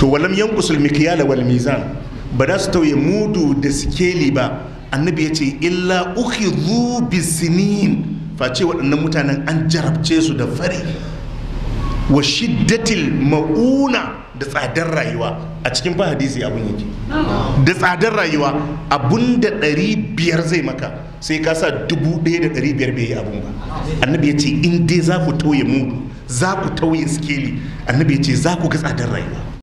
to walam yanqusul mikyala wal mizan ba za su tauye mudu da sikeli ba annabi ya ce illa zubi sinin face waɗannan mutanen an jarabce su da fari wa shiddatil ma'una da tsadar rayuwa a cikin fa hadisi abun yake da tsadar rayuwa abun da ɗari biyar zai maka sai ka sa dubu ɗaya da ɗari biyar bai yi abun ba annabi ya ce in dai za ku tauye mudu za ku tauye sikeli annabi ya ce za ku ga tsadar rayuwa